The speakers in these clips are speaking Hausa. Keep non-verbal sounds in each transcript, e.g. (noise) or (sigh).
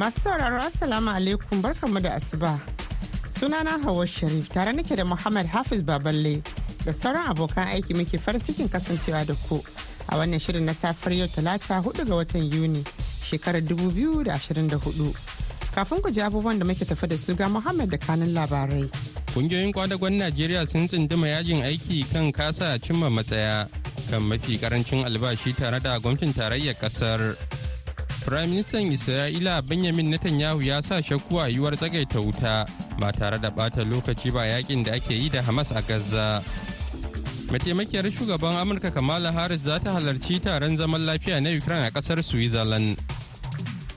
Masu sauraro Assalamu alaikum barkanmu da asuba. Sunana hawa Sharif tare nake da Muhammad Hafiz Baballe da sauran abokan aiki muke farin cikin kasancewa da ku a wannan shirin na safar yau talata 4 ga watan Yuni shekarar 2024. Kafin ku ji abubuwan da muke tafi da su ga Muhammad da kanun labarai. Kungiyoyin kwadagon Najeriya sun tsindima yajin aiki kan kasa cimma matsaya kan mafi karancin albashi tare da gwamnatin tarayyar kasar. Firaministan Isra'ila Benjamin Netanyahu ya sa shakku a yiwuwar tsagaita wuta ba tare da bata lokaci ba yakin da ake yi da Hamas a Gaza. Mataimakiyar shugaban Amurka Kamala Harris za ta halarci taron zaman lafiya na Ukraine a kasar Switzerland.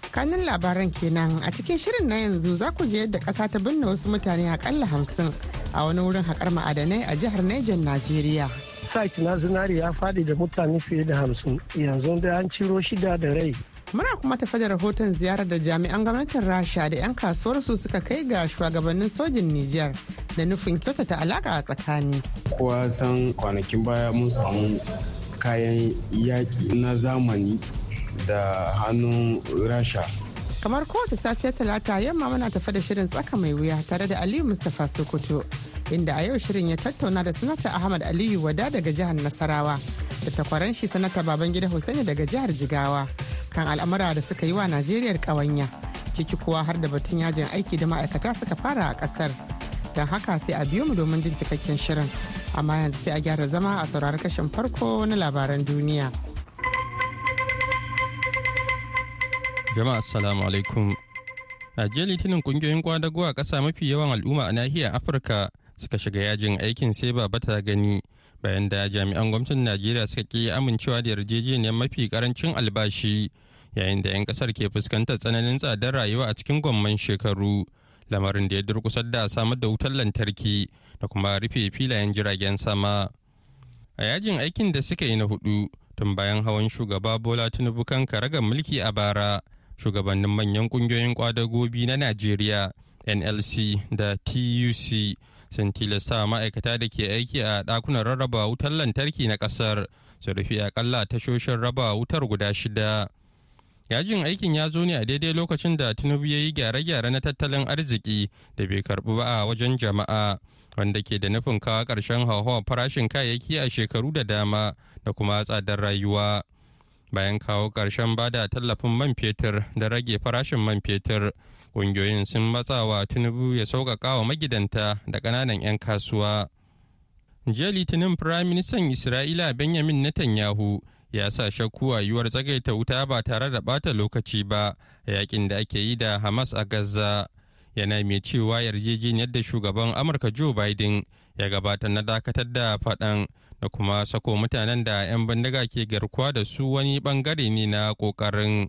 kanun labaran kenan a cikin shirin na yanzu za ku je yadda ƙasa ta binne wasu mutane akalla hamsin a wani wurin haƙar ma'adanai a jihar Niger Najeriya. sakina na zinari ya faɗi da mutane fiye da hamsin yanzu da an ciro shida da rai muna kuma tafa da rahoton ziyarar da jami'an gwamnatin rasha da 'yan kasuwarsu suka kai ga shugabannin sojin nijar da nufin kyauta ta alaka a tsakani kowa san kwanakin baya mun samu kayan yaƙi na zamani da hannun rasha kamar kowace safiya talata yamma muna tafa da shirin tsaka mai wuya tare da aliyu mustapha sokoto inda a yau shirin ya tattauna da sanata ahmad aliyu wada daga jihar nasarawa da takwaran shi sanata babangida hussaini daga jihar jigawa kan al'amura da suka yi wa Najeriya kawanya ciki kuwa har da batun yajin aiki da ma'aikata suka fara a kasar Don haka sai a biyo mu domin jin cikakken shirin. Amma yanzu sai a gyara zama a saurari kashin farko na labaran duniya. Jama'a assalamu alaikum. A jiya litinin kungiyoyin kwadago a kasa mafi yawan al'umma a nahiyar Afirka suka shiga yajin aikin sai ba bata gani bayan da jami'an gwamnatin Najeriya suka ƙi amincewa da yarjejeniyar mafi karancin albashi yayin da 'yan kasar ke fuskantar tsananin tsadar rayuwa a cikin gwamman shekaru lamarin da ya durkusar da samar da wutar lantarki da kuma rufe filayen jiragen sama a yajin aikin da suka yi na hudu tun bayan hawan shugaba bola tinubu kan karagar mulki a bara shugabannin manyan kungiyoyin kwadagobi na najeriya nlc da tuc sun tilasta ma'aikata da ke aiki a ɗakunan rarraba wutar lantarki na kasar su rufe akalla tashoshin raba wutar guda shida yajin aikin ya zo ne a daidai lokacin da tinubu ya yi gyare-gyare na tattalin arziki da bai karbu ba a wajen jama'a wanda ke da nufin kawo ƙarshen hauhawar farashin kayayyaki a shekaru da dama da kuma tsadar rayuwa bayan kawo ƙarshen bada tallafin man fetur da rage farashin man fetur ƙungiyoyin sun matsawa tinubu ya sauƙaƙa wa magidanta da ƙananan 'yan kasuwa jiya litinin firaministan isra'ila benjamin netanyahu ya sa shakku a yiwuwar tsagaita wuta ba tare da bata lokaci ba a yakin da ake yi da hamas a gaza yana mai cewa yarjejeniyar da shugaban amurka joe biden ya gabatar na dakatar da faɗan da kuma sako mutanen da 'yan bindiga ke garkuwa da su wani bangare ne na ƙoƙarin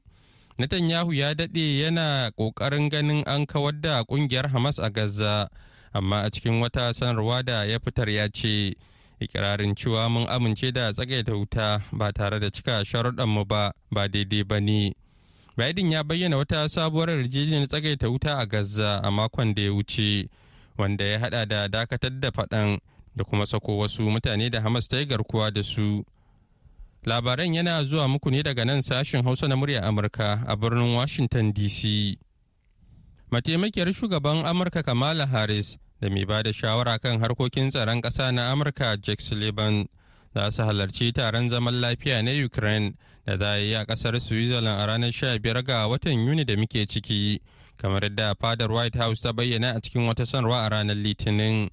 netanyahu ya daɗe yana ƙoƙarin ganin an kawar da ƙungiyar hamas a gaza amma a cikin wata sanarwa da ya fitar ya ce ikirarin cewa mun amince da tsagaita wuta ba tare da cika mu ba ba daidai ba ne biden ya bayyana wata sabuwar yarjejeniyar tsagaita wuta a gaza a makon da ya wuce wanda ya hada da dakatar da faɗan da kuma sako wasu mutane da hamas ta yi garkuwa da su labaran yana zuwa muku ne daga nan sashen hausa na murya amurka a birnin washington dc mataimakiyar shugaban amurka kamala harris da mai ba da shawara kan harkokin tsaron ƙasa na amurka jack sullivan za su halarci taron zaman lafiya na ukraine da za a yi a ƙasar switzerland a ranar 15 ga watan yuni da muke ciki kamar yadda fadar white house ta bayyana a cikin wata sanarwa a ranar litinin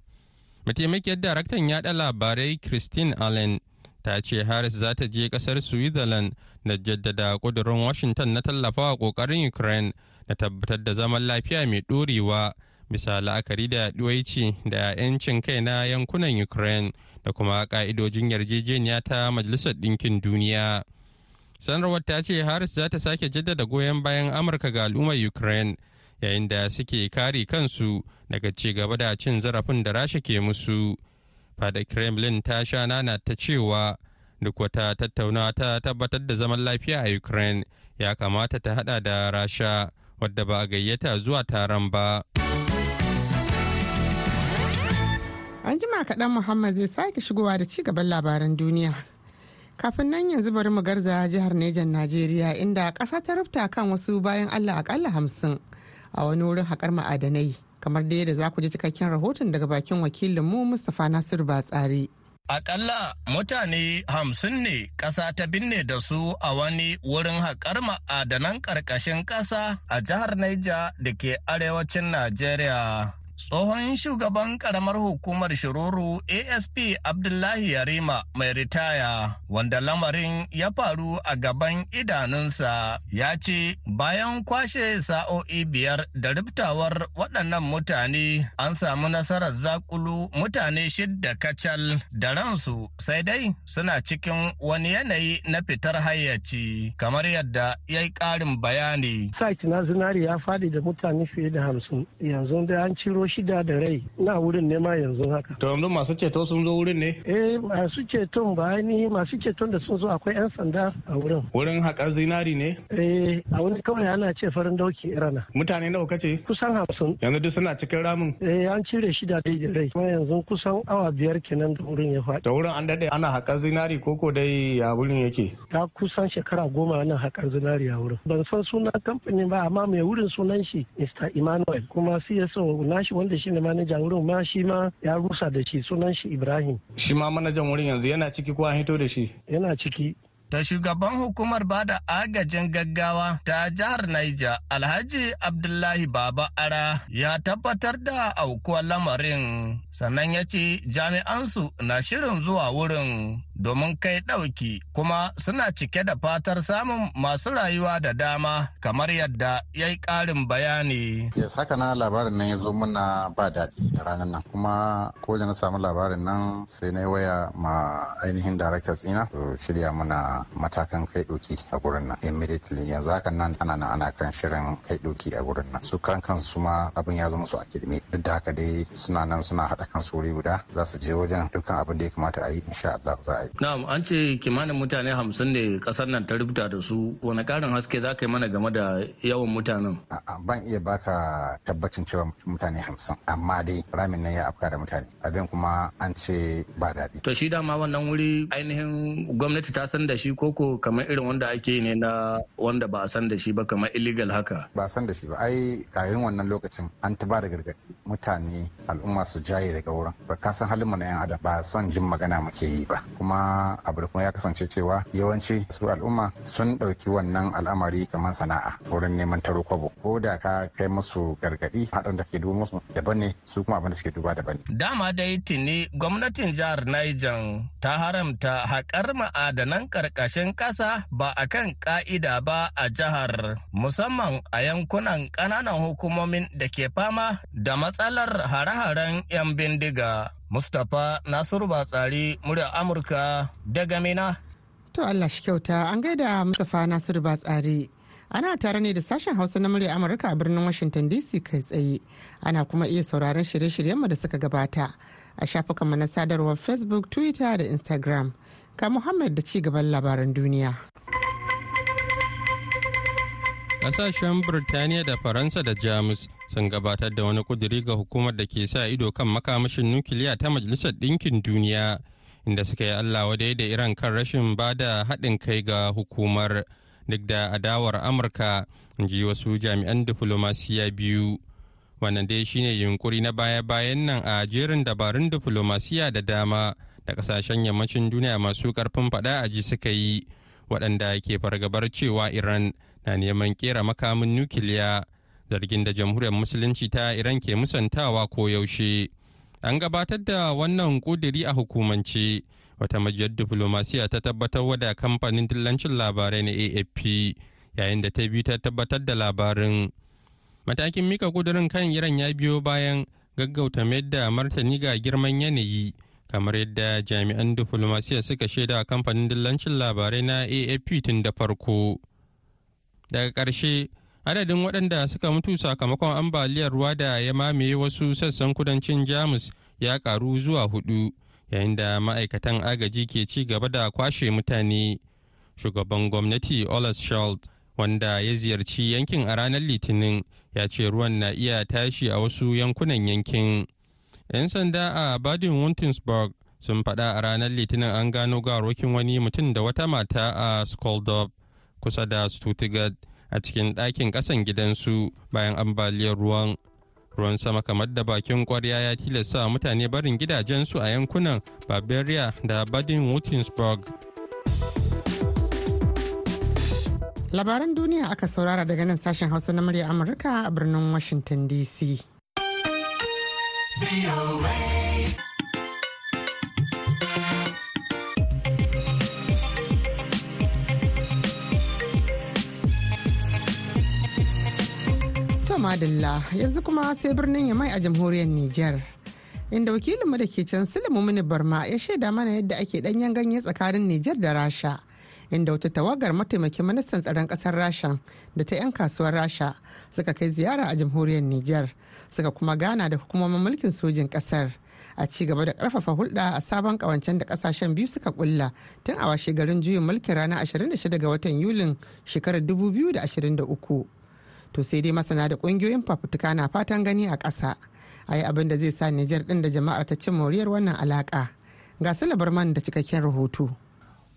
mataimakiyar daraktan yaɗa labarai christine allen ta ce harris za ta je kasar switzerland da jaddada kudurin washington na tallafawa kokarin ukraine na tabbatar da zaman lafiya mai ɗorewa bisa la'akari da ɗuwaici da 'yancin kai na yankunan ukraine da kuma ƙa'idojin yarjejeniya ta majalisar ɗinkin duniya sanarwar ta ce haris za ta sake jaddada goyon bayan amurka ga al'ummar ukraine yayin da suke kare kansu daga ci gaba da cin zarafin da rasha ke musu fada kremlin ta sha nana ta cewa duk wata tattaunawa ta tabbatar da zaman lafiya a ukraine ya kamata ta hada da rasha wadda ba a gayyata zuwa taron ba An jima kaɗan Muhammad zai sake shigowa da ci gaban labaran duniya. Kafin nan yanzu bari mu garza jihar Nejan Najeriya inda ƙasa ta rufta kan wasu bayan Allah akalla hamsin a wani wurin haƙar ma'adanai. Kamar da yadda za ku ji cikakken rahoton daga bakin wakilinmu Mustapha Nasiru Batsari. Aƙalla mutane hamsin ne ƙasa ta binne da su a wani wurin haƙar ma'adanan ƙarƙashin ƙasa a jihar Naija da ke arewacin Najeriya. Tsohon shugaban karamar hukumar Shiroro ASP Abdullahi Yarima mai ritaya wanda lamarin ya faru a gaban idanunsa ya ce bayan kwashe sa'o'i biyar da riftawar waɗannan mutane an samu nasarar zakulu mutane shidda kacal da ransu sai dai suna cikin wani yanayi na fitar hayyaci kamar yadda ya yi ƙarin bayani. Saki na zinari ya faɗi da mutane fiye da hamsin yanzu da an zo shida da rai na wurin ne ma yanzu haka to yanzu masu ceto sun zo wurin ne eh masu ceton ba ni masu ceton da sun zo akwai yan sanda a wurin wurin haƙar zinari ne eh a wani kawai ana ce farin dauki irana. mutane nawa kace kusan hamsin yanzu duk suna cikin ramin eh an cire shida dai da rai kuma yanzu kusan awa biyar kenan da wurin ya faɗi da wurin an daɗe ana haƙar zinari koko dai a wurin yake ta kusan shekara goma ana haƙar zinari a wurin ban san sunan kamfanin ba amma mai wurin sunan shi Mr. Emmanuel kuma CSO shi. shi wanda shi ne manajan wurin ma shi ma ya rusa da shi sunan shi Ibrahim. Shi ma manajan wurin yanzu yana ciki ko an hito da shi? Yana ciki. da shugaban hukumar bada agajin gaggawa ta jihar Niger Alhaji Abdullahi Baba Ara ya tabbatar da aukuwar lamarin sannan ya ce jami'ansu na shirin zuwa wurin domin kai ɗauki kuma suna cike da fatar samun masu rayuwa da dama kamar yadda ya yi ƙarin bayani. Yes, haka na labarin nan ya zo muna ba daɗi da ranar nan kuma ko da na samu labarin nan sai na waya ma ainihin daraktar tsina to shirya muna matakan kai ɗauki a gurin nan immediately yanzu haka nan ana nan ana kan shirin kai ɗauki a gurin nan su kan su ma abin ya zo musu a kirme duk da haka dai suna nan suna haɗa kan wuri guda za su je wajen dukkan abin da ya kamata a yi insha za ai. Na'am an ce kimanin mutane hamsin ne kasar nan ta rubuta da su wani karin haske za ka yi mana game da yawan mutanen? Ban iya baka tabbacin cewa mutane hamsin amma dai ramin nan ya afka da mutane abin kuma an ce ba daɗi. To shi dama wannan wuri ainihin gwamnati ta san da shi koko kamar irin wanda ake ne na wanda ba a san da shi ba kamar illegal haka. Ba a san da shi ba ai kayan wannan lokacin an ta ba da gargaɗi mutane al'umma su jaye daga wurin ba ka san halin mu na 'yan adam ba son jin magana muke yi ba kuma kuma abu da kuma ya kasance cewa yawanci su al'umma sun ɗauki wannan al'amari kamar sana'a wurin neman taro kwabo ko da ka kai musu gargaɗi haɗin da ke duba musu daban ne su kuma abin da suke duba daban ne. dama dai tuni gwamnatin jihar niger ta haramta haƙar ma'adanan ƙarƙashin ƙasa ba a kan ƙa'ida ba a jihar musamman a yankunan ƙananan hukumomin da ke fama da matsalar hare-haren 'yan bindiga. Mustapha Nasiru Batsari murya Amurka daga Mina. To Allah shi kyauta an gaida Mustapha Nasiru Batsari. Ana tare ne da sashen Hausa na murya Amurka a birnin Washington DC kai tsaye. Ana kuma iya sauraron shirye-shiryenmu da suka gabata a shafukanmu mana sadarwar Facebook, Twitter da Instagram. Ka Muhammad da ci gaban labaran duniya. Kasashen Birtaniya da Faransa da Jamus sun gabatar da wani kuduri ga hukumar da ke sa ido kan makamashin nukiliya ta majalisar ɗinkin duniya inda suka yi allah wadai da iran kan rashin ba da haɗin kai ga hukumar duk da adawar amurka in ji wasu jami'an diflomasiya biyu wannan dai shine yunkuri na baya-bayan nan a jerin dabarun diflomasiya da dama da kasashen yammacin duniya masu karfin faɗa a ji suka yi waɗanda ke fargabar cewa iran na neman kera makamin nukiliya zargin da jamhuriyar musulunci ta iran ke musantawa koyaushe an gabatar da wannan kudiri a hukumance wata majiyar diflomasiya ta tabbatar da kamfanin dillancin labarai na afp yayin da ta biyu ta tabbatar da labarin matakin mika kudirin kan iran ya biyo bayan gaggauta mayar da martani ga girman yanayi kamar yadda jami'an diflomasiya suka shaida kamfanin dillancin labarai na afp tun da farko daga ƙarshe adadin waɗanda suka mutu sakamakon ambaliyar ruwa da ya mamaye wasu sassan kudancin jamus ya karu zuwa hudu yayin da ma'aikatan agaji ke ci gaba da kwashe mutane shugaban gwamnati olaf scholz wanda ya ziyarci yankin a ranar litinin ya ce ruwan na iya tashi a wasu yankunan yankin 'yan sanda a baden württemberg sun faɗa a ranar litinin an gano garokin wani mutum da wata mata a skoldov kusa da stuttgart a cikin ɗakin ƙasan gidansu bayan ambaliyar ruwan ruwan sama kamar da bakin ƙwarya ya tilasta mutane barin gidajensu a yankunan bavaria da baden württemberg labaran duniya aka saurara daga nan sashen hausa na murya amurka a birnin washington dc To yanzu kuma sai birnin Yamai a jamhuriyar Nijar. Inda wakilinmu da ke can Silimu Mini Barma ya shaida mana yadda ake danyen ganye tsakanin Nijar da Rasha. Inda wata tawagar mataimakin ministan tsaron ƙasar Rasha da ta 'yan kasuwar Rasha suka kai ziyara a jamhuriyar Nijar suka kuma gana da hukumomin mulkin sojin kasar. a ci gaba da karfafa hulɗa a sabon kawancen da kasashen biyu suka kulla tun a washe garin juyin mulkin ranar 26 ga watan yulin shekarar 2023 to sai dai masana da kungiyoyin fafutuka na fatan gani a ƙasa a yi abin da zai sa nijar ɗin da jama'ar ta cin moriyar wannan alaƙa ga salabar man da cikakken rahoto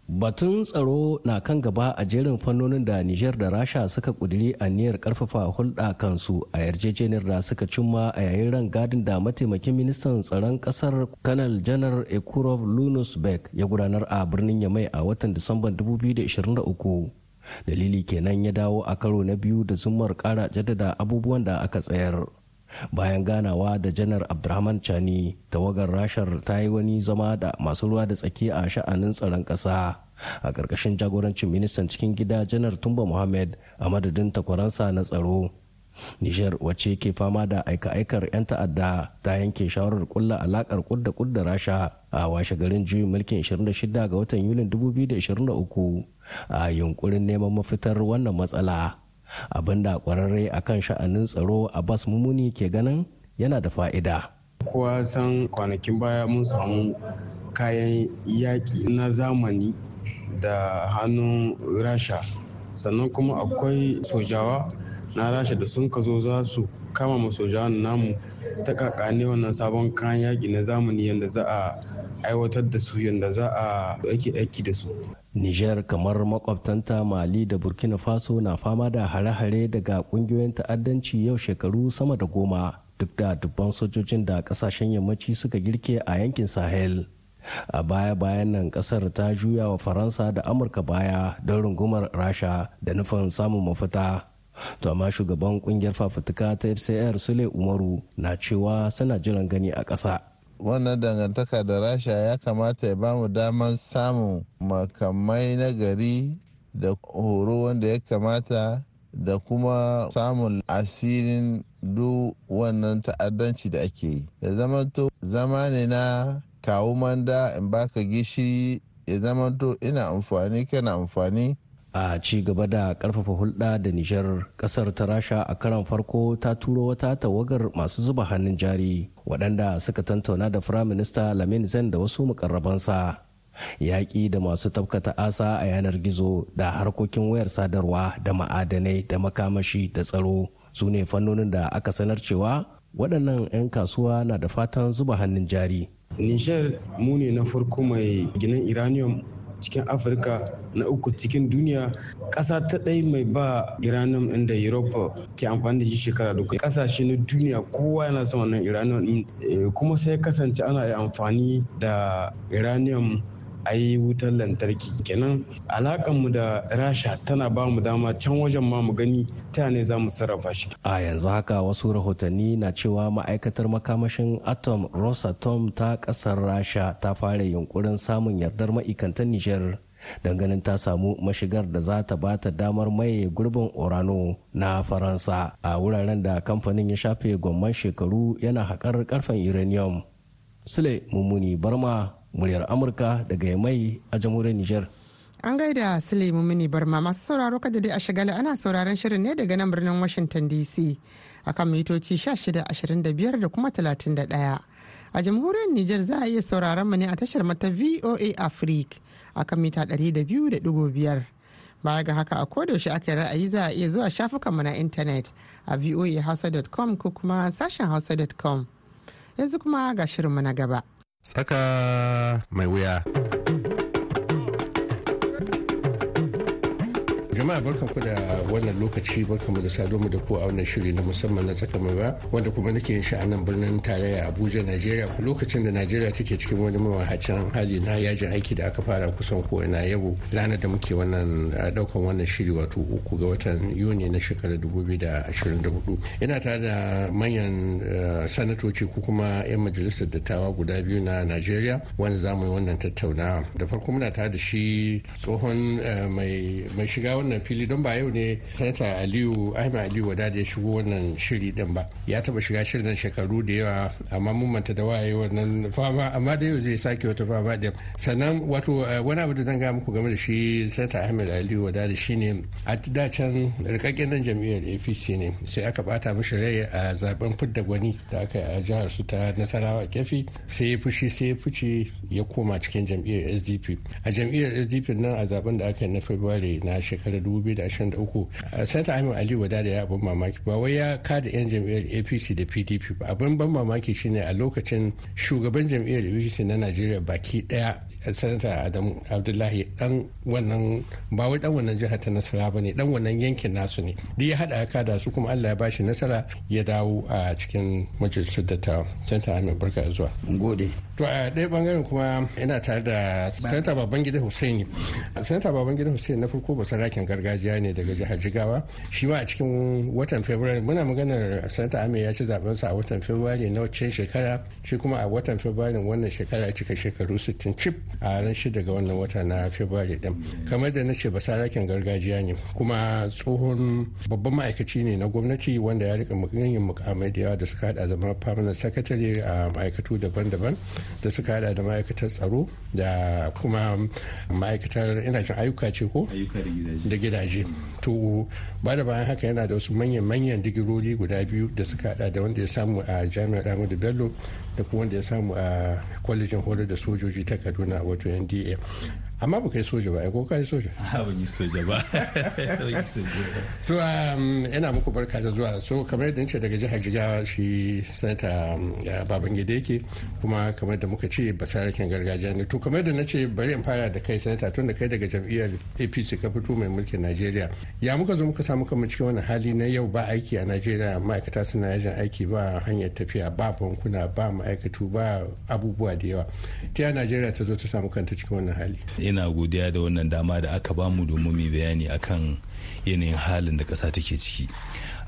batun tsaro na kan gaba a jerin fannonin da nijar da rasha suka kuduri a niyyar karfafa hulɗa kansu a yarjejeniyar da suka cimma a yayin gadin da mataimakin ministan tsaron ƙasar kanal janar ekurov lunus beck ya gudanar a birnin yamai a watan disamban 2023 dalili kenan ya dawo a karo na biyu da zumar kara jaddada abubuwan da aka tsayar bayan ganawa da janar abdurrahman chani tawagar rashar ta yi wani zama da masu ruwa da tsaki a sha'anin tsaron ƙasa a ƙarƙashin jagorancin ministan cikin gida janar tumba muhammad a madadin takwaransa na tsaro Nijar wace ke fama da aika-aikar 'yan ta'adda ta yanke shawarar kulla alakar kudda kudda rasha a washe garin juyin mulkin 26 ga watan Yulin 2023 a yunkurin neman mafitar wannan matsala. Abinda kwararre kan sha'anin tsaro a bas Mumuni ke ganin yana da fa'ida. Kowa san kwanakin baya mun samu kayan yaƙi na zamani da hannun rasha sannan kuma akwai sojawa na rasha da sun ka zo za su kama masu namu ta kakane wannan sabon kayan yaki na zamani yadda za a aiwatar da su yadda za a aiki aiki da su. Nijar kamar makwabtanta Mali da Burkina Faso na fama da hare-hare daga ƙungiyoyin ta'addanci yau shekaru sama da goma duk da dubban sojojin da kasashen yammaci suka girke a yankin Sahel. A baya-bayan nan kasar ta juya wa Faransa da Amurka baya don rungumar Rasha da nufin samun mafita. to amma shugaban kungiyar fafutuka ta fcr sule umaru na cewa suna jiran gani a ƙasa wannan dangantaka da rasha ya kamata ya bamu daman samun makamai na gari da horo wanda ya kamata da kuma samun asirin duk wannan ta'addanci da ake yi ya to zama ne na kawo manda in baka gishi ya to ina amfani kana amfani a ci gaba da karfafa hulɗa da nijar ƙasar ta rasha a karan farko ta turo wata tawagar masu zuba hannun jari waɗanda suka tantauna da firaminista lamin zan da wasu mukarrabansa yaƙi da masu tafkata asa a yanar gizo da harkokin wayar sadarwa da ma'adanai da makamashi da tsaro su ne fannonin da aka sanar cewa waɗannan 'yan kasuwa na da fatan zuba hannun jari Nijar mu ne na farko mai ginin iranium cikin afirka na uku cikin duniya ƙasa ta ɗai mai ba iranium inda europe ke amfani da shi shekara duka ƙasashe na duniya kowa yana son wannan iranium eh, kuma sai kasance ana amfani da iranium ai wutar lantarki kenan alakan mu da rasha tana ba mu dama can wajen ma mu gani ta ne za mu sarrafa shi a yanzu haka wasu rahotanni na cewa ma'aikatar makamashin atom rosatom ta kasar rasha ta fara yunkurin samun yardar ma'ikantan nijar ganin ta samu mashigar da za ta ba damar maye gurbin orano na faransa a wuraren da kamfanin ya shafe gwamman shekaru yana haƙar karfen uranium sule mummuni barma muryar amurka daga mai a jamhuriyar niger an gaida suleiman mini barma masu sauraro kada dai a shigala ana sauraron shirin ne daga nan birnin washington dc akan mitoci 1625 da kuma 31 a jamhuriyar niger za a iya sauraron mu ne a tashar mata voa africa akan mita 200.5 baya ga haka a kodaushe ake ra'ayi za a iya zuwa shafukan mu na intanet a voahausa.com ko kuma sashen hausa.com yanzu kuma ga shirinmu na gaba saka mai wuya. jama'a barkan ku da wannan lokaci barkan mu da sado mu da ku a wannan shiri na musamman na tsaka mai ba wanda kuma nake yin shi a nan birnin tarayya abuja najeriya ku lokacin da najeriya take cikin wani mawahacin hali na yajin aiki da aka fara kusan ko ina yau ranar da muke wannan daukan wannan shiri wato uku ga watan yuni na shekarar 2024 ina tare da manyan sanatoci ko kuma 'yan majalisar dattawa guda biyu na najeriya wanda za yi wannan tattaunawa da farko muna tare da shi tsohon mai shiga wannan wannan fili don ba yau ne sanata aliyu ahmed aliyu wada da ya shigo wannan shiri din ba ya taba shiga shirin shekaru da yawa amma mun manta da waye wannan fama amma da yau zai sake wata fama da sannan wato eh, wani abu da zan ga muku game da shi sanata ahmed aliyu wada da shi ne a da can rikakken nan jam'iyyar apc ne sai aka bata mishi rai a zaben fidda gwani da aka yi a jihar su ta nasarawa kefi sai ya fushi sai ya fice ya koma cikin jam'iyyar sdp a jam'iyyar sdp nan a zaben da aka yi na february na shekarar 2023 sanata amin ali wada da ya abin mamaki ba wai ya kada yan jam'iyyar apc da pdp ba abin ban mamaki shine a lokacin shugaban jam'iyyar apc na najeriya baki daya sanata adamu abdullahi dan wannan ba wai dan wannan jihar ta nasara ba ne dan wannan yankin nasu ne duk ya hada aka da su kuma allah ya bashi nasara ya dawo a cikin majalisar dattawa sanata amin barka zuwa gode to a ɗaya bangaren kuma ina tare da sanata babangida hussein sanata babangida hussein na farko sarakin gargajiya ne daga jihar jigawa shi ma a cikin watan february muna maganar sanata amin ya ci sa a watan february na wacce shekara shi kuma a watan february wannan shekara cika shekaru 60 cif a ran shida ga wannan wata na february din kamar da na ce ba sarakin gargajiya ne kuma tsohon babban ma'aikaci ne na gwamnati wanda ya rika yin mukamai da yawa da suka hada zama permanent secretary a ma'aikatu daban-daban da suka hada da ma'aikatar tsaro da kuma ma'aikatar ina jin ayyuka ce ko da gidaje to ba da bayan haka yana da wasu manyan-manyan digirori guda biyu da suka hada da wanda ya samu a jami'ar ahmadu bello da kuma wanda ya samu a kwalejin horar da sojoji ta kaduna 我觉得。amma ba kai soja ba ko kai (laughs) soja ba (laughs) yi soja ba to um, ina muku barka da zuwa so kamar yadda ce daga jihar jigawa shi sanata um, babangida yake kuma kamar da muka ce basarakin gargajiya ne to kamar da na ce bari in fara da kai sanata tun da kai daga jam'iyyar apc ka fito mai mulkin najeriya ya muka zo muka samu kamar cikin wani hali na yau ba aiki a najeriya ma'aikata suna yajin aiki ba hanyar tafiya ba bankuna ba ma'aikatu ba abubuwa da yawa ta najeriya ta zo ta samu kanta cikin wannan hali ina godiya da wannan dama da aka bamu domin mai bayani akan yanayin halin da ƙasa take ciki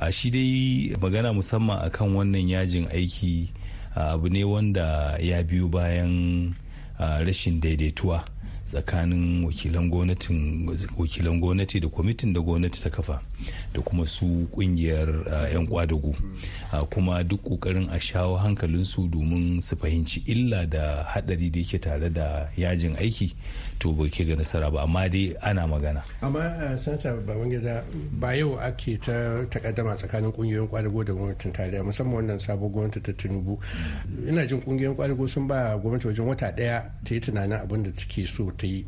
a shi dai magana musamman akan wannan yajin aiki abu ne wanda ya biyu bayan rashin daidaituwa tsakanin wakilan gwamnatin gwamnati da kwamitin da gwamnati ta kafa da kuma su kungiyar ah, 'yan kwadago hmm. ah, kuma duk kokarin a shawo hankalinsu domin su fahimci illa da hadari da yake tare da yajin aiki to ba ke ga nasara ba amma dai ana magana amma ah, sanata babangida ba yau ake ta takaddama tsakanin kungiyoyin kwadago da gwamnatin tarayya musamman wannan sabon gwamnati ta tinubu hmm. ina jin kungiyoyin kwadago sun ba gwamnati wajen wata daya ta yi tunanin abin da take so ta yi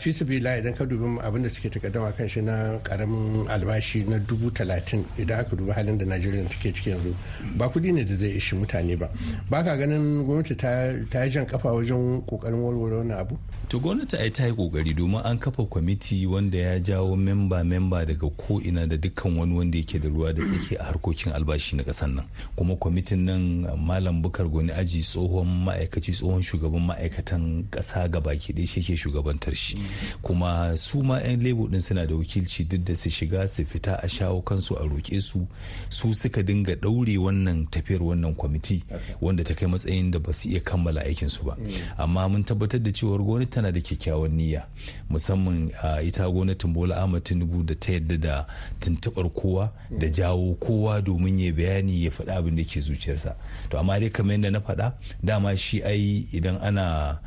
fi su idan ka dubi abin da suke takaddama kan shi na karamin albashi na dubu talatin idan aka dubi halin da najeriya take ciki yanzu ba kudi ne da zai ishi mutane ba ba ka ganin gwamnati ta yi jan kafa wajen kokarin warware wani abu to gwamnati ai ta yi kokari domin an kafa kwamiti wanda ya jawo memba memba daga ko ina da dukkan wani wanda yake da ruwa da tsaki a harkokin albashi na kasan nan kuma kwamitin nan malam bukar goni aji tsohon ma'aikaci tsohon shugaban ma'aikatan kasa gaba ki ɗaya ke shugabantar shi kuma su ma 'yan lebo din suna da wakilci duk da su shiga su fita a shawo kansu a roƙe su su suka dinga daure wannan tafiyar wannan kwamiti wanda ta kai matsayin da ba su iya kammala aikinsu ba amma mun tabbatar da cewar gwamnati tana da kyakkyawan niyya musamman ita gwamnatin bola ahmad tinubu da ta yadda da tuntuɓar kowa da jawo kowa domin ya bayani ya faɗa abin da ke zuciyarsa to amma dai kamar yadda na faɗa dama shi ai idan ana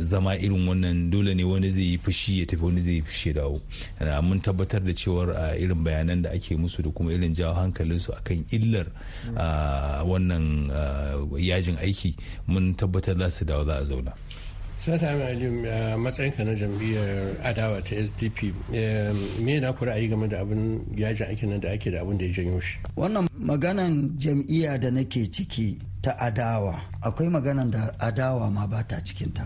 zama dama irin wannan dole ne wani zai yi fushi ya tafi wani zai yi fushi ya dawo mun tabbatar da cewar irin bayanan da ake musu da kuma irin jawo hankalinsu kan illar wannan yajin aiki mun tabbatar za su dawo za a zauna sata matsayin matsayinka na jam'iyyar adawa ta sdp me na kura ayi game da abin yajin aikin nan da ake da abin da ya janyo shi wannan maganan jam'iyya da nake ciki ta adawa akwai maganan da adawa ma ba ta cikinta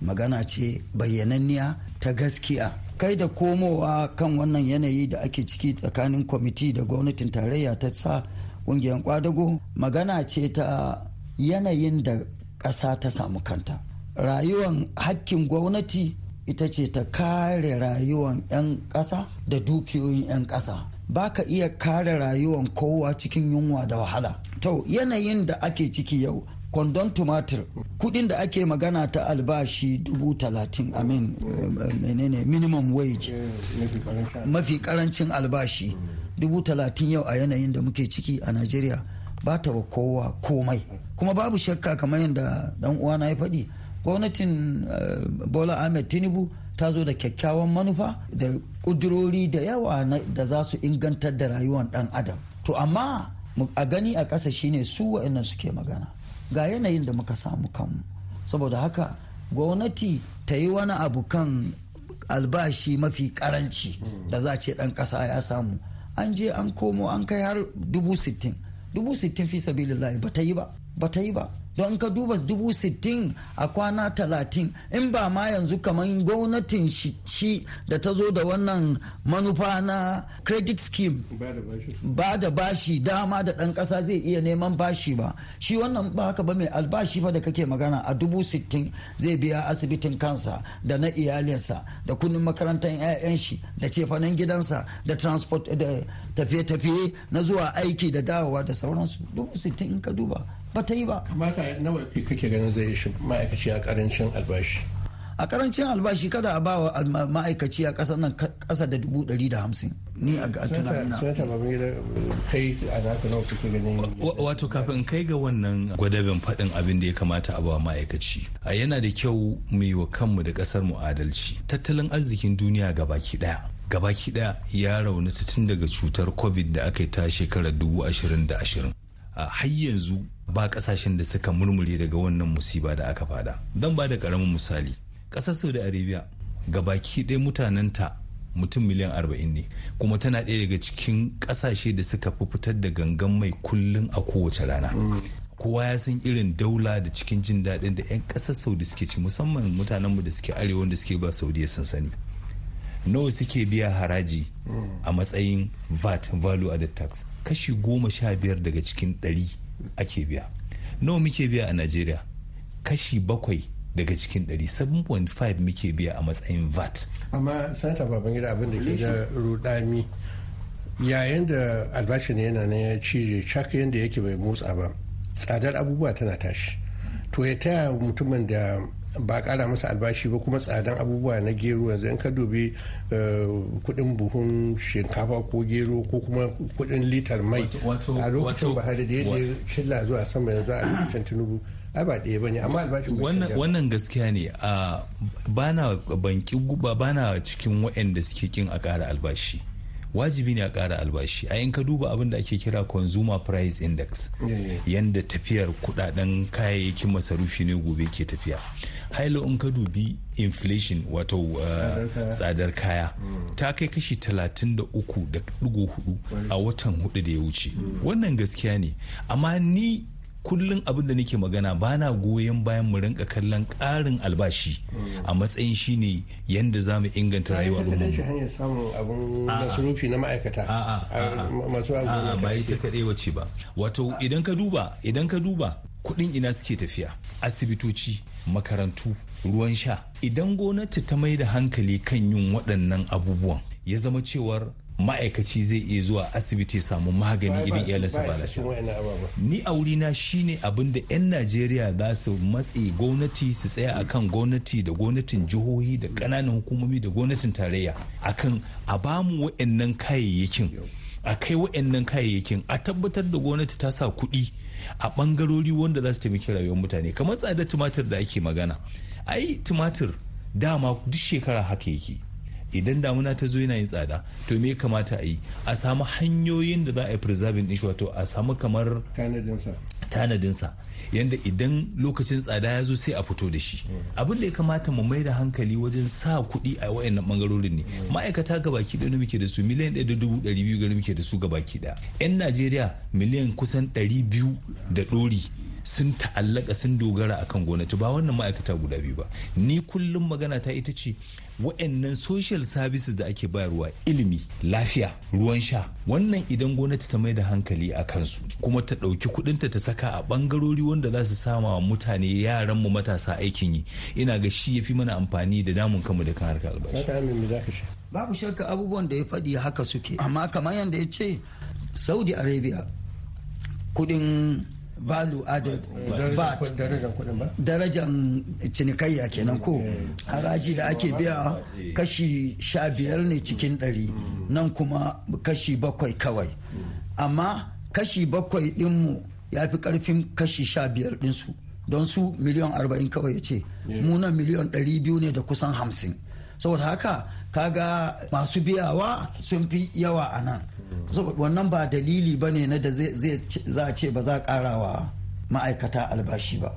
magana ce bayyananniya ta gaskiya kai da komowa kan wannan yanayi da ake ciki tsakanin kwamiti da gwamnatin tarayya ta sa kungiyar kwadago magana ce ta yanayin da ƙasa ta samu kanta rayuwan hakkin gwamnati ita ce ta kare rayuwan 'yan ƙasa da dukiyoyin 'yan ƙasa ba ka iya kare rayuwan kowa cikin yunwa da wahala to yanayin da ake ciki yau kwandon tumatir kudin da ake magana ta albashi dubu talatin amin menene minimum wage mafi karancin albashi dubu talatin yau a yanayin da muke ciki a najeriya ba ta wa kowa komai kuma babu shakka kamar yadda dan uwana ya faɗi gwamnatin eh, bola ahmed tinubu ta zo da kyakkyawan manufa da kudurori da yawa da za su ingantar da rayuwar dan adam to amma a gani a ƙasa shine su wa'annan suke magana ga yanayin da muka samu kanmu saboda haka gwamnati ta yi wani abu kan albashi mafi karanci da za ce dan kasa ya samu an je an komo an kai har dubu sittin dubu sittin fi sabilillahi ba ta yi ba ba ta yi ba don ka duba dubu sittin a kwana talatin in ba ma yanzu kamar gwamnatin shi da ta zo da wannan manufa na credit scheme ba da bashi dama da ɗan ƙasa zai iya neman bashi ba shi wannan ba haka ba mai albashi fa da kake magana a dubu sittin zai biya asibitin kansa da na iyalinsa da kunin makarantar 'ya'yan shi da cefanen gidansa da transport da tafiye-tafiye na zuwa aiki da dawowa da sauransu dubu sittin in ka duba ba ta yi ba kamata nawa kake ganin zai shi ma'aikaci a karancin albashi a karancin albashi kada a bawa ma'aikaci a ƙasar nan ƙasa da dubu ɗari da hamsin ni a tunanina wato kafin kai ga wannan gwadabin faɗin abin da ya kamata a bawa ma'aikaci a yana da kyau mu yi wa kanmu da ƙasar mu adalci tattalin arzikin duniya ga baki ɗaya gabaki daya ya raunata tun daga cutar covid da aka yi ta shekarar 2020 har yanzu ba kasashen da suka murmure daga wannan musiba da aka fada don ba da karamin misali ƙasar saudi arabia baki ɗaya mutanenta mutum miliyan arba'in ne kuma tana ɗaya daga cikin ƙasashe da suka fi fitar da gangan mai kullum a kowace rana kowa ya san irin daula da cikin jin daɗin da 'yan ƙasar saudi suke ci musamman mutanenmu da suke arewa da suke ba saudiya sun sani nawa suke biya haraji a matsayin vat value added tax kashi goma sha biyar daga cikin ɗari ake biya nawa muke biya a najeriya kashi bakwai daga cikin ɗari 7.5 muke biya a matsayin vat amma santa babangida abin da ke da rudami yayin da albashin yana nan ya cire cak yadda yake bai motsa ba tsadar abubuwa tana tashi to ya taya mutumin da ba kara masa albashi ba kuma tsadan abubuwa na gero yanzu in ka dubi eh, kudin buhun shinkafa ko gero ko kuma kudin litar mai a lokacin ba da yadda shilla zuwa sama yanzu a lokacin tunubu ai ba ɗaya ba ne amma albashi wannan gaskiya ne a na banki guba na cikin waɗanda suke kin a ƙara albashi wajibi ne a ƙara albashi a in ka duba abin da ake kira consumer price index yanda tafiyar kudaden kayayyakin masarufi ne gobe ke tafiya hailo in ka dubi inflation wato uh, tsadar kaya hmm. ta kai kashi 33.4 a watan hudu da ya wuce hmm. wannan gaskiya ne amma ni kullum abin da nake magana bana goyon bayan mu rinka kallon karin albashi hmm. a matsayin shine yadda za mu inganta rayuwa da mu hanyar samun abun masurufi na ma'aikata a a a ba ita kadai wace ba wato idan ka duba idan ka duba kuɗin ina suke tafiya asibitoci makarantu ruwan sha idan gwamnati ta mai da hankali kan yin waɗannan abubuwan ya zama cewar ma'aikaci zai iya zuwa asibiti samu magani idan iyalinsa ba ni a wurina shine abin da 'yan najeriya za su matse gwamnati su tsaya akan gwamnati da gwamnatin jihohi da kananan hukumomi da gwamnatin tarayya akan a bamu waɗannan kayayyakin a kai waɗannan kayayyakin a tabbatar da gwamnati ta sa kuɗi a bangarori wanda za su taimaki rayuwar mutane kamar tsadar tumatir da ake magana ai tumatir dama duk shekara haka yake idan damuna ta zo yana yin tsada to me kamata a yi a samu hanyoyin da za a yi preserving din shi wato a samu kamar tanadinsa yadda idan lokacin tsada ya zo sai a fito da shi abin da ya kamata mu mai da hankali wajen sa kuɗi a wayannan bangarorin ne ma'aikata gabaki ɗaya muke da su miliyan ɗaya da dubu ɗari biyu muke da su gabaki ɗaya 'yan najeriya miliyan kusan ɗari biyu da ɗori sun ta'allaka sun dogara akan gwamnati ba wannan ma'aikata guda biyu ba ni kullum magana ta ita ce wa'annan social services da ake bayarwa ilimi lafiya ruwan sha wannan idan gwamnati ta mai da hankali a kansu kuma ta ɗauki kudinta ta saka a ɓangarori wanda za su sama wa mutane yaran mu matasa aikin yi ina ga shi ya mana amfani da damun kanmu da kan harkar albashi babu shakka abubuwan da ya faɗi haka suke amma kamar yadda ya ce saudi arabia kuɗin value added vat darajan cinikayya kenan ko eh. haraji da ake biya kashi sha biyar ne cikin ɗari hmm. nan kuma kashi bakwai kawai amma kashi bakwai dinmu ya fi ƙarfin kashi sha biyar dinsu don su miliyan arba'in kawai ya ce muna miliyan ɗari biyu ne da kusan hamsin saboda haka kaga masu biyawa sun fi yawa a nan wannan ba dalili ba ne na da zai za a ce ba za a karawa ma'aikata albashi ba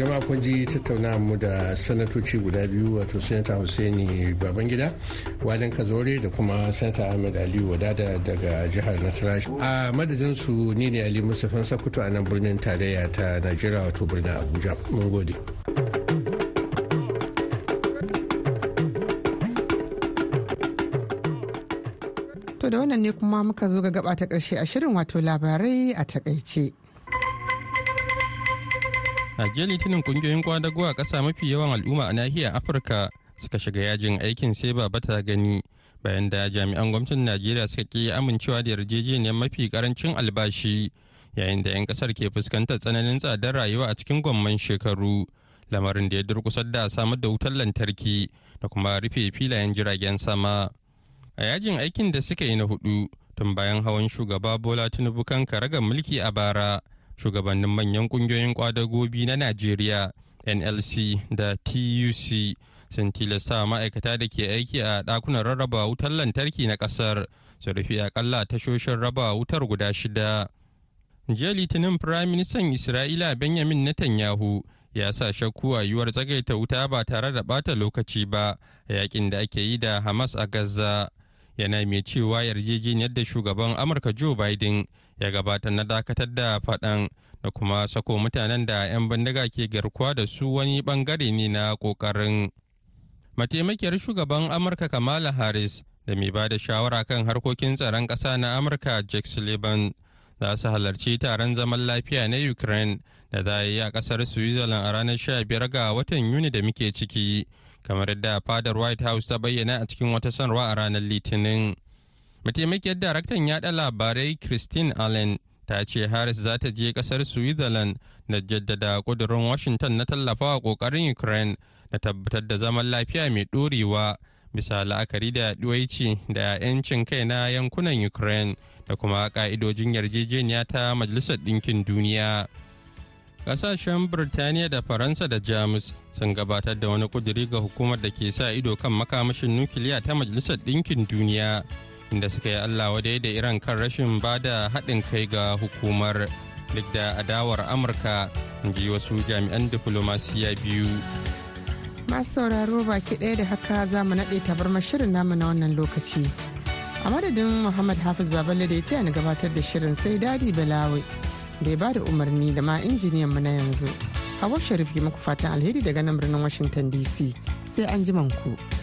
jama'a kun ji tattauna mu da sanatoci guda biyu wato sanata hussaini babangida walin kazore da kuma sanata ahmed aliyu wadada daga jihar nasara a madadin su ni ne ali mustapha sakuto a nan birnin tarayya ta najeriya wato birnin abuja mun gode wannan ne kuma muka zo ga gaba ta karshe a shirin wato labarai a takaice. a litinin kungiyoyin kwadago a ƙasa mafi yawan al'umma a nahiyar afirka suka shiga yajin aikin sai ba bata gani bayan da jami'an gwamnatin najeriya suka ki amincewa da yarjejeniyar mafi karancin albashi yayin da 'yan kasar ke fuskantar tsananin tsadar rayuwa a cikin gwamman shekaru lamarin da ya durkusar da samar da wutar lantarki da kuma rufe filayen jiragen sama a yajin aikin da suka yi na hudu tun bayan hawan shugaba bola tinubu kan karagar mulki a bara shugabannin manyan kungiyoyin kwadagobi na najeriya nlc da tuc sun tilasta ma'aikata da ke aiki a dakunan rarraba wutar lantarki na kasar su rufe akalla tashoshin raba wutar guda shida jiya litinin firayim ministan isra'ila benjamin netanyahu ya sa shakku a yiwuwar tsagaita wuta ba tare da bata lokaci ba yakin da ake yi da hamas a gaza yana mai cewa yarjejeniyar da shugaban amurka joe biden ya gabatar na dakatar da faɗan da kuma sako mutanen da 'yan bindiga ke garkuwa da su wani bangare ne na ƙoƙarin mataimakiyar shugaban amurka kamala harris da mai ba da shawara kan harkokin tsaron ƙasa na amurka jack sullivan za su halarci taron zaman lafiya na ukraine da za a yi a ƙasar switzerland a ranar 15 ga watan yuni da muke ciki kamar yadda fadar white house ta bayyana a cikin wata sanarwa a ranar litinin mataimakiyar daraktan yada labarai christine allen ta ce harris za ta je kasar switzerland na jaddada kudurin washington na tallafawa kokarin ukraine na tabbatar da zaman lafiya mai dorewa bisa la'akari da ɗuwaici da 'yancin kai na yankunan ukraine da kuma ka'idojin yarjejeniya ta majalisar ɗinkin duniya. Ƙasashen Birtaniya da Faransa da Jamus sun gabatar da wani kuduri ga hukumar da ke sa ido kan makamashin nukiliya ta Majalisar Ɗinkin Duniya, inda suka yi Allah wadai da Iran kan rashin ba da haɗin kai ga hukumar duk da adawar Amurka, ji wasu jami'an diflomasiya biyu. Masu sauraro baki ɗaya da haka za mu naɗe tabarmar shirin namu na wannan lokaci. A madadin Muhammad Hafiz Babalade da ya gabatar da shirin sai Dadi Balawi. Bai ba da umarni da ma injiniyan mu na yanzu. Hawa Sharif yi muku fatan alheri daga nan birnin Washington DC. Sai an ku.